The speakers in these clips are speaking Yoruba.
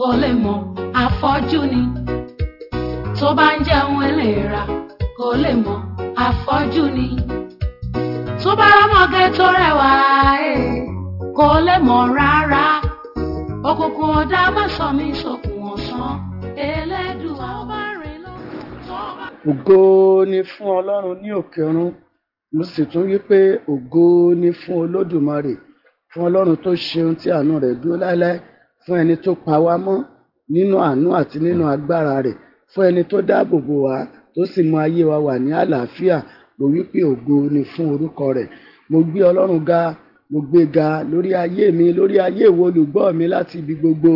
kò lè mọ̀ afọ́jú ni tó bá ń jẹun ẹlẹ́ra kò lè mọ̀ afọ́jú ni tó bá rámọ̀gẹ́ tó rẹwà eh, kò lè mọ̀ rárá òkùnkùn ọ̀dà má sọ mí sọkùn ọ̀sán ẹlẹ́dùn ọba lọ́wọ́ ògo ni fún ọlọ́run ní òkè ọ̀run mo sì tún wí pé ògo ni fún olódùmarè fún ọlọ́run tó ṣeun tí àánú rẹ̀ dúró láéláé fún ẹni tó pa wá mọ́ nínú àánú àti nínú agbára rẹ̀ fún ẹni tó dáàbò bò wá tó sì mú ayé wa wà ní àlàáfíà mo wí ògo ni fún orúkọ rẹ̀ mo gbé ọlọ́run ga mo gbé ga lórí ayé mi lórí ayé ìwọ olùgbọ́ mi láti ibi gbogbo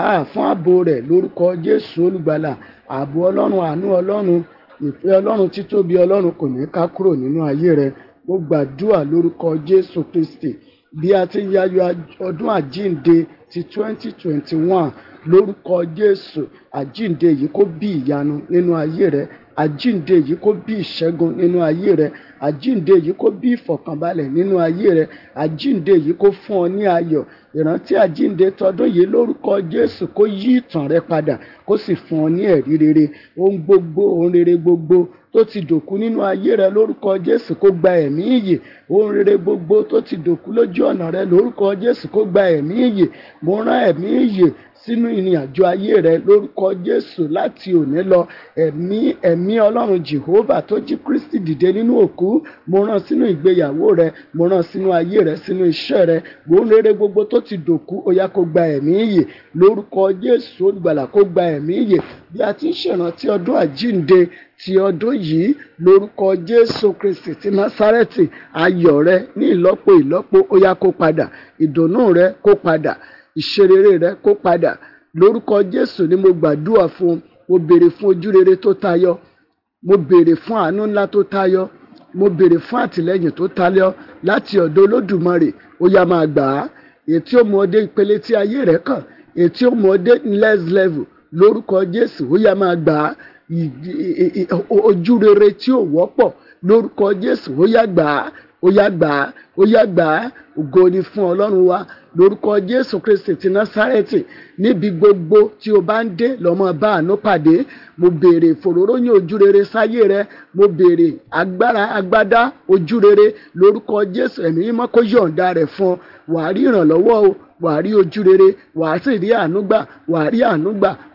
àá fún ààbò rẹ̀ lórúkọ jésù olùgbàlà ààbò ọlọ́run àánú ọlọ́run ìfẹ́ ọlọ́run títóbi ọlọ́run kò ní ká kúrò nínú ayé rẹ mo gbàdúrà lórúkọ jésù kristi bí a ti yayọ̀ ọdún àjíǹde ti 2021 lórúkọ Jésù àjíǹde yìí kó bí ìyanu nínú ayé rẹ àjíǹde yìí kó bí ìṣẹ́gun nínú ayé rẹ àjíǹde yìí kó bí ìfọ̀kànbalẹ̀ nínú ayé rẹ àjíǹde yìí kó fún ọ ní ayọ̀ ìrántí àjíǹde tọdún yìí lórúkọ jésù kó yí ìtàn rẹ padà kó sì fún ọ ní ẹ̀rí rere ohun gbogbo ohun rere gbogbo tó ti dòkú nínú ayé rẹ lórúkọ jésù kó gba ẹ̀mí ìyè ohun rere gbogbo tó ti dòkú lójú ọ̀nà rẹ lórúkọ jésù kó gba ẹ̀mí ìyè mo rán ẹ̀mí ìyè sínú ìrìn àjò ayé rẹ lórúkọ jésù láti òní lọ ẹ̀mí ẹ̀mí ọlọ́run jehovah tó jí kristi dìde nínú òkú mo rán sínú ìgbéyàwó rẹ mo rán sínú ayé rẹ sínú iṣẹ́ rẹ ohun rere gbogbo tó ti dòkú ó yá kó gba ẹ̀mí ìyè lórúkọ Jésù olùgbàlà kó gba ẹ̀mí ìyè bí a ti ń ṣèrántí ọdún àjínde ti ọdún yìí lórúkọ Jésù Kristi ti Násárẹ́tì ayọ̀ rẹ ní ìlọ́po ìlọ́po ó yá kó padà ìdùnnú rẹ kó padà ìṣerere rẹ kó padà lórúkọ Jésù ni mo gbàdúrà fún mo béèrè fún ojúrere tó tayọ mo béèrè fún àánú ńlá tó tayọ mo béèrè fún àtìlẹ́yìn tó tayọ láti ọ̀dọ̀ Olódùmarè ó yá máa gbà á èyí tí ó mú ọ dé ìpele tí ayé rẹ kàn èyí tí ó mú ọ dé next level lórúkọ Jésù ó yá máa gbà ojú rere tí ò wọ́pọ̀ lórúkọ Jésù ó yá gbà ó yá gbà ó yá gbà ògo ni fún ọlọ́run wa lórúkọ jésù kristi ti násárẹ́tì níbi gbogbo tí o bá ń dé lọ́mọ bá àánú pàdé mo béèrè ìfòróróyìn ojúrere sáyé rẹ mo béèrè agbára agbádá ojúrere lórúkọ jésù ẹ̀mí mímọ́ kó yọ̀ǹda rẹ̀ fún ọ wàá rí ìrànlọ́wọ́ o wàá rí ojú rere wàá sì rí àánú wàá rí àánú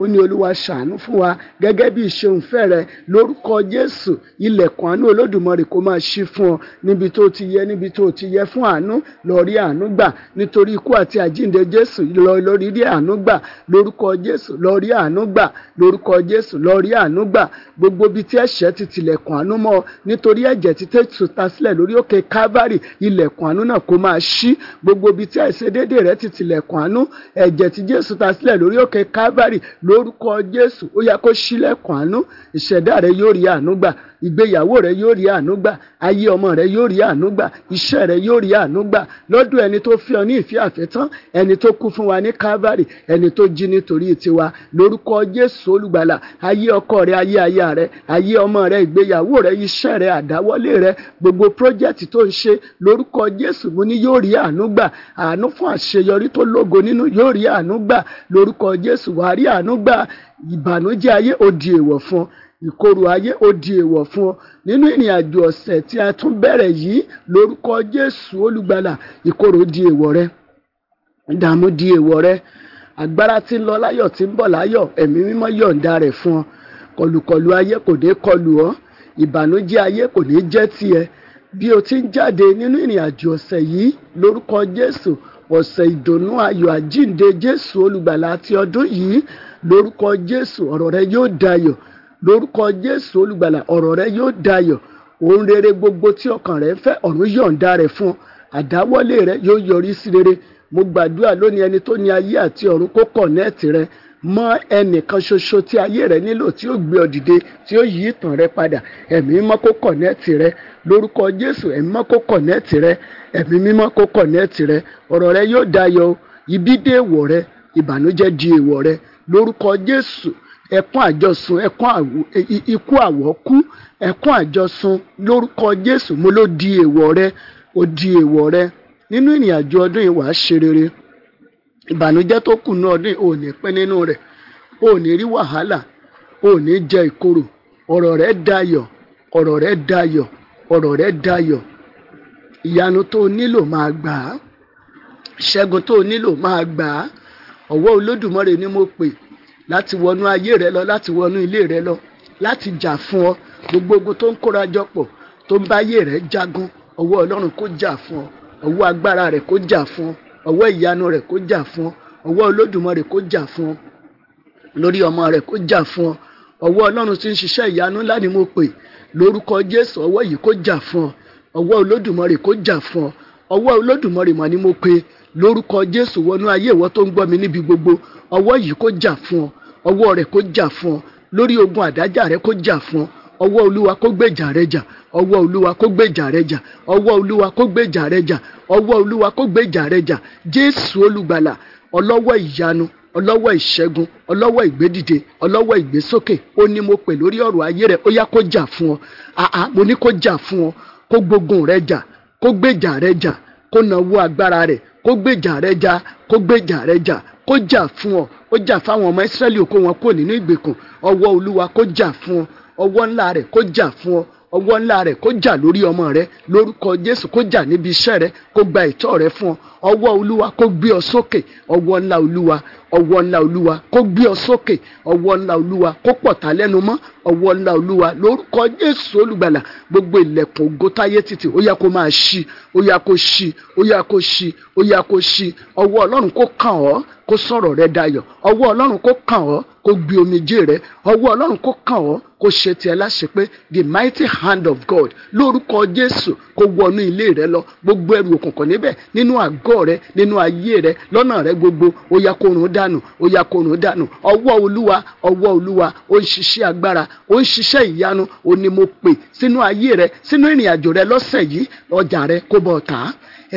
ó ní olúwa ṣàánú fún wa gẹ́gẹ́ bí ìṣeun fẹ́ rẹ lórúkọ jésù ilẹ̀kùn àánú olódùmarè kó máa ṣí fún ọ níbi tó ti yẹ níbi tó ti yẹ fún àánú lọ rí àánú gbà nítorí ikú àti àjíǹde Jésù lọ rí àánú gbà lórúkọ Jésù lọ rí àánú gbà lórúkọ Jésù lọ rí àánú gbà gbogbo ibi tí ẹ̀ṣẹ̀ ti tilẹ̀kùn àánú mọ́ nítorí ẹ̀jẹ̀ ti Jésù ta sílẹ̀ lórí òkè Kávárì ilẹ̀kùn àánú náà kó máa ṣí gbogbo ibi tí àìṣedéédé rẹ ti tilẹ̀kùn àánú ẹ̀jẹ̀ ti Jésù ta sílẹ̀ lórí òkè Kávárì lórúkọ Jésù ó yá kó ṣílẹ̀kùn àánú ìṣẹ̀dá rẹ yóò rí àánú gbà ìgbéyàwó rẹ yóò rí àánú gbà ayé ọmọ rẹ yóò rí àánú gbà iṣẹ́ rẹ yóò rí àánú gbà lọ́dọ̀ ẹni tó fi ọ ní ìfẹ́ àfẹ́tán ẹni tó kú fún wa ní Calvary ẹni tó jí nítorí tiwa lórúkọ Jésù olùgbàlà ayé ọkọ rẹ ayé aya rẹ ayé ọmọ rẹ ìgbéyàwó rẹ iṣẹ́ rẹ àdáwọlé rẹ gbogbo project tó ń ṣe lórúkọ Jésù mo ní yóò rí àánú àánú fún àṣeyọrí tó lógo nínú yóò rí àánú lórúkọ Jésù wàá rí àánú gbà ayé ó èèwọ̀ fún ọ ìkorò ayé ó di èèwọ̀ fún ọ nínú ìrìn àjò ọ̀sẹ̀ tí a tún bẹ̀rẹ̀ yìí lórúkọ Jésù olùgbàlà ìkorò di èèwọ̀ rẹ ìdààmú di èèwọ̀ rẹ agbára tí ń lọ láyọ̀ tí ń bọ̀ láyọ̀ ẹ̀mí mímọ́ yọ̀ǹda rẹ̀ fún ọ kọlùkọlù ayé kò ní kọlù ọ ìbànújẹ́ ayé kò ní jẹ́ tiẹ̀ bí o ti ń jáde nínú ìrìn àjò ọ̀sẹ̀ yìí lórúkọ Jésù ọ̀sẹ̀ ìdùnnú ayọ̀ àjínde Jésù olùgbàlà àti ọdún yìí lórúkọ Jésù ọ̀rọ̀ rẹ yóò dayọ̀ lórúkọ jésù olùgbàlà ọ̀rọ̀ rẹ yóò dayọ̀ ohun rere gbogbo tí ọkàn rẹ fẹ́ ọ̀run yọ̀ǹda rẹ̀ fún ọ àdáwọ́lé rẹ yóò yọrí sí rere mo gbàdúrà lónìí ẹni tó ní ayé àti ọ̀run kó kọ̀nẹ́ẹ̀tì rẹ mọ ẹnìkan ṣoṣo tí ayé rẹ nílò tí ó gbé ọ dìde tí ó yí ìtàn rẹ padà ẹ̀mí mímọ́ kó kọ̀nẹ́ẹ̀tì rẹ lórúkọ jésù ẹ̀mí mímọ́ kó kọ̀nẹ́ẹ̀tì rẹ ẹ̀mí mímọ́ kó kọ̀nẹ́ẹ̀tì rẹ ọ̀rọ̀ rẹ yóò dayọ̀ ibi dé èèwọ̀ rẹ ìbànújẹ́ di èèwọ̀ rẹ lórúkọ jésù ẹkún àjọsùn ẹkún ikú àwọ̀kú ẹkún àjọsùn lórúkọ Jésù mo ló di èèwọ̀ rẹ ó di èèwọ̀ rẹ nínú ìrìn àjò ọdún yìí wàá ṣe rere tó kù ní ọdún yìí ò ní nínú rẹ̀ ò ní rí wàhálà ò ní jẹ ìkorò ọrọ rẹ ọrọ rẹ rẹ ìyanu tó nílò máa gbà á láti wọnú ayé rẹ lọ láti wọnú ilé rẹ lọ láti jà fún ọ gbogbo ogun tó ń kóra jọ pọ̀ tó ń bá ayé rẹ jagun ọwọ́ ọlọ́run kó jà fún ọ ọwọ́ agbára rẹ kó jà fún ọ ọwọ́ ìyanu rẹ kó jà fún ọ ọwọ́ olódùmarè kó jà fún ọ lórí ọmọ rẹ kó jà fún ọ ọwọ́ ọlọ́run tí ń ṣiṣẹ́ ìyanu ńlá ni mo pè lórúkọ jésù ọwọ́ yìí kó jà fún ọ ọwọ́ olódùmarè kó jà fún ọ ọwọ́ olódùmarè mà ni mo pè lórúkọ jésù wọnú ayé ìwọ tó ń gbọ́ mi níbi gbogbo ọwọ́ yìí kó jà fún ọ ọwọ́ rẹ̀ kó jà fún ọ lórí ogun àdájà rẹ kó jà fún ọ ọwọ́ olúwa kó gbèjà rẹ jà ọwọ́ olúwa kó gbèjà rẹ jà ọwọ́ olúwa kó gbèjà rẹ jà ọwọ́ olúwa kó gbèjà rẹ jà jésù olùgbàlà ọlọ́wọ́ ìyanu ọlọ́wọ́ ìṣẹ́gun ọlọ́wọ́ ìgbédìde ọlọ́wọ́ ìgbésókè ó ní mo pè lórí ọ̀rọ̀ ayé rẹ ó yá kó jà fún ọ àá mo ní kó jà fún ọ kó gbógun rẹ jà kó gbèjà rẹ jà kó nawó agbára rẹ kó gbèjà rẹ jà kó gbèjà rẹ jà kó jà fún ọ ó jà fáwọn ọmọ Ísírẹ́lì ó kó wọn kó nínú ìgbèkùn ọwọ́ Olúwa kó jà fún ọ ọwọ́ ńlá rẹ̀ kó jà fún ọ ọwọ́ ńlá rẹ̀ kó jà lórí ọmọ rẹ lórúkọ Jésù kó jà níbi iṣẹ́ rẹ kó gba ìtọ́ rẹ fún ọ ọwọ́ Olúwa kó gbé ọ sókè ọwọ́ ńlá Olúwa ọwọ́ ńlá Olúwa kó gbé ọ sókè ọwọ́ ńlá Olúwa kó pọ̀tà lẹ́nu mọ́ ọwọ́ ńlá Olúwa lórúkọ Jésù olùgbàlà gbogbo ilẹ̀kùn ògo títì ó yá kó máa ṣí ó yá kó ṣí ó yá kó ṣí ó yá kó ṣí ọwọ́ Ọlọ́run kó kàn ọ́ kó sọ̀rọ̀ rẹ dayọ̀ ọwọ́ ọlọ́run kó kàn ọ́ kó gbi omijé rẹ ọwọ́ ọlọ́run kó kàn ọ́ kó ṣe tiẹ̀ láṣẹ pé the mighty hand of God lórúkọ Jésù kó wọnú ilé rẹ lọ gbogbo ẹrù òkùnkùn níbẹ̀ nínú àgọ́ rẹ nínú ayé rẹ lọ́nà rẹ gbogbo ó yá kó run dànù ó yá kó run dànù ọwọ́ olúwa ọwọ́ olúwa ó ń ṣiṣẹ́ agbára ó ń ṣiṣẹ́ ìyanu ó ní mo pè sínú ayé rẹ sínú ìrìn rẹ lọ́sẹ̀ yìí ọjà rẹ kó bọ̀ tán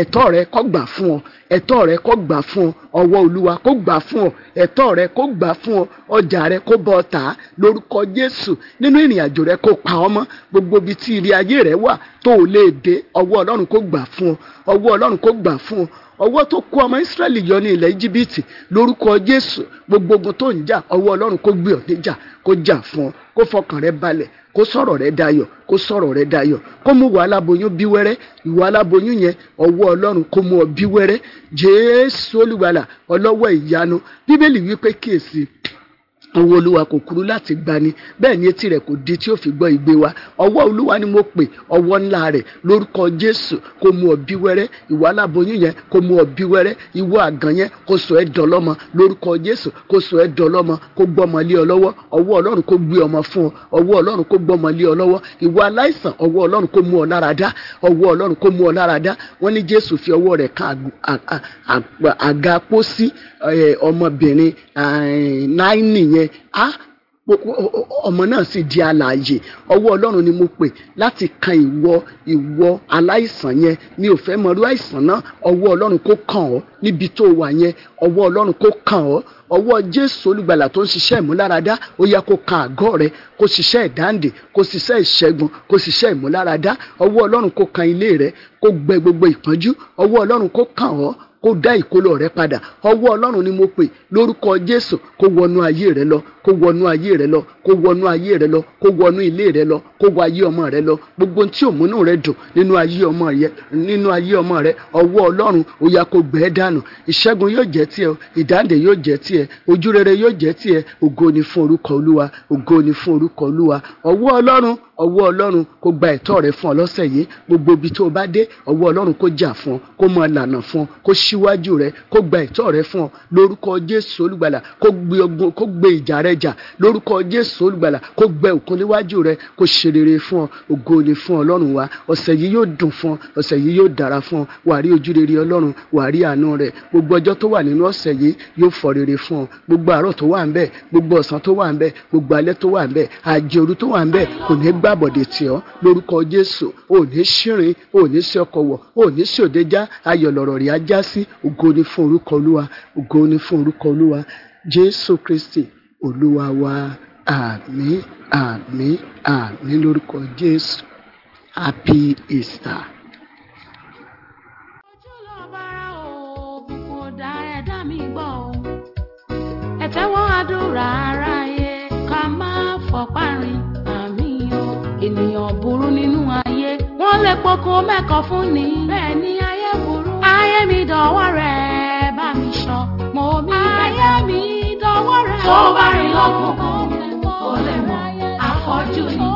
ẹ̀tọ́ rẹ kó gbà fún ọ ẹ̀tọ́ rẹ kó gbà fún ọ ọwọ́ olúwa kó gbà fún ọ ẹ̀tọ́ rẹ kó gbà fún ọ ọjà rẹ kó bọ́ ọ tà á lórúkọ jésù nínú ìrìn àjò rẹ kó pa ọ mọ́ gbogbo ibi tí ilé ayé rẹ wà tó o lè dé ọwọ́ ọlọ́run kó gbà fún ọ ọwọ́ ọlọ́run kó gbà fún ọ ọwọ́ tó kó ọmọ Ísírẹ́lì yọ ní ilẹ̀ íjíbítì lórúkọ Jésù gbogbo ogun tó ń jà ọwọ́ Ọlọ́run kó gbé ọ níjà kó jà fún ọ kó fọkàn rẹ balẹ̀ kó sọ̀rọ̀ rẹ dayọ̀ kó sọ̀rọ̀ rẹ dayọ̀ kó mú ìwà aláboyún bí wẹ́rẹ́ ìwà aláboyún yẹn ọwọ́ ọlọ́run kó mú ọ bí wẹ́rẹ́ jésù olùgbàlà ọlọ́wọ́ ìyanu bíbélì wípé kíyèsí ọwọ́ olúwa kò kúrú láti gbani bẹ́ẹ̀ ni etí rẹ̀ kò di tí ó fi gbọ́ igbe wa ọwọ́ olúwa ni mo pè ọwọ́ ńlá rẹ̀ lórúkọ jésù kó mú ọ bí wẹ́rẹ́ ìwọ aláboyún yẹn kó mú ọ bí wẹ́rẹ́ ìwọ àgàn yẹn kó sọ ẹ́ dọlọ́mọ lórúkọ jésù kó sọ ẹ́ dọlọ́mọ kó gbọ́mọ lé ọ lọ́wọ́ ọwọ́ ọlọ́run kó gbé ọmọ fún ọ ọwọ́ ọlọ́run kó gbọ́mọ lé ọ lọ́wọ́ ìwọ aláìsàn ọwọ́ ọlọ́run kó mú ọ lára dá ọwọ́ ọlọ́run kó mú ọ lára dá wọ́n ní jésù fi ọwọ́ rẹ̀ kan àga pósí ọmọbìnrin náírì yẹn yẹn ah, á ọmọ náà sì di alààyè ọwọ́ ọlọ́run ni mo pè láti kan ìwọ ìwọ aláìsàn yẹn mi ò fẹ́ mọ̀rú àìsàn náà ọwọ́ ọlọ́run kó kàn ọ́ níbi tó wà yẹn ọwọ́ ọlọ́run kó kàn ọ́ ọwọ́ jésù olùgbàlà tó ń ṣiṣẹ́ ìmúláradá ó yẹ kó kan àgọ́ rẹ kó ṣiṣẹ́ ìdáǹdè kó ṣiṣẹ́ ìṣẹ́gun kó ṣiṣẹ́ ìmúláradá ọwọ́ ọlọ́run kó kan ilé rẹ kó gbẹ gbogbo ìpọ́njú ọwọ́ ọlọ́run kó kàn ọ́ kó dá ìkólọ rẹ padà ọwọ́ ọlọ́run ni mo pè lórúkọ jésù kó wọnú ayé rẹ lọ kó wọnú ayé rẹ lọ kó wọnú ayé rẹ lọ kó wọnú ilé rẹ lọ kó wọ ayé ọmọ rẹ lọ gbogbo tí òmùnú rẹ dùn nínú ayé ọmọ rẹ nínú ayé ọmọ rẹ ọwọ́ ọlọ́run ó yá kó gbẹ́ dànù ìṣẹ́gun yóò jẹ́ tiẹ̀ ìdáǹdè yóò jẹ́ tiẹ̀ ojú rere yóò jẹ́ tiẹ̀ ògo ni fún orúkọ olúwa ògo ni fún orúkọ olúwa ọwọ́ ọlọ́run ọwọ́ ọlọ́run kó gba ẹ̀tọ́ rẹ fún ọ lọ́sẹ̀ yìí gbogbo ibi tó o bá dé ọwọ́ ọlọ́run kó jà fún ọ kó mọ lànà fún ọ kó síwájú rẹ kó gba ẹ̀tọ́ rẹ fún ọ lórúkọ jésù olùgbàlà kó gbé ìjà rẹ jà lórúkọ jésù olùgbàlà kó gbẹ òkun níwájú rẹ kó ṣe rere fún ọ ògo ni fún ọlọ́run wa ọ̀sẹ̀ yìí yóò dùn fún ọ ọ̀sẹ̀ yìí yóò dára fún ọ wàá rí ojú ọlọ́run wàá rí àánú rẹ gbogbo ọjọ́ tó wà nínú ọ̀sẹ̀ yìí yóò fọ rere fún ọ gbogbo àárọ̀ tó wà ń bẹ gbogbo ọ̀sán tó wà ń bẹ gbogbo alẹ́ tó wà ń bẹ àjẹrú tó wà ń bẹ kò ní gbà gbàbọ̀dẹ̀ tì ọ́ lórúkọ Jésù ò ní ṣírin ò ní sí ọkọ̀ wọ̀ ò ní sí òdejá ayọ̀ lọ̀rọ̀ rẹ̀ ajá sí ògo ni fún orúkọ Olúwa ògo ni fún orúkọ Olúwa Jésù Kristi Olúwa wa àmín àmín àmín lórúkọ Jésù happy Easter. kókó mẹ́kọ̀ fún ni. bẹ́ẹ̀ ni ayé burú. ayé mi dọ̀wọ́ rẹ̀ bá mi sọ. mo mi ayé mi dọ̀wọ́ rẹ̀. tó bá rìn lọ́kùnkùn kò lè mọ àfọ́jú ni.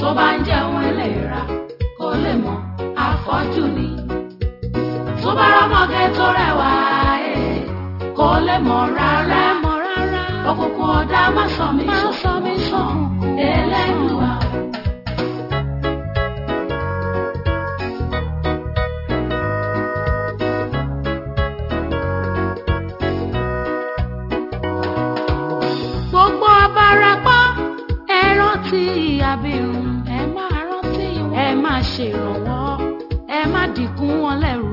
tó bá ń jẹun ẹlẹ́ra kò lè mọ àfọ́jú ni. tó bá rọ́mọ́gẹ́ tó rẹwà eh, kò lè mọ rárá. dìkún wọn lẹ́rù.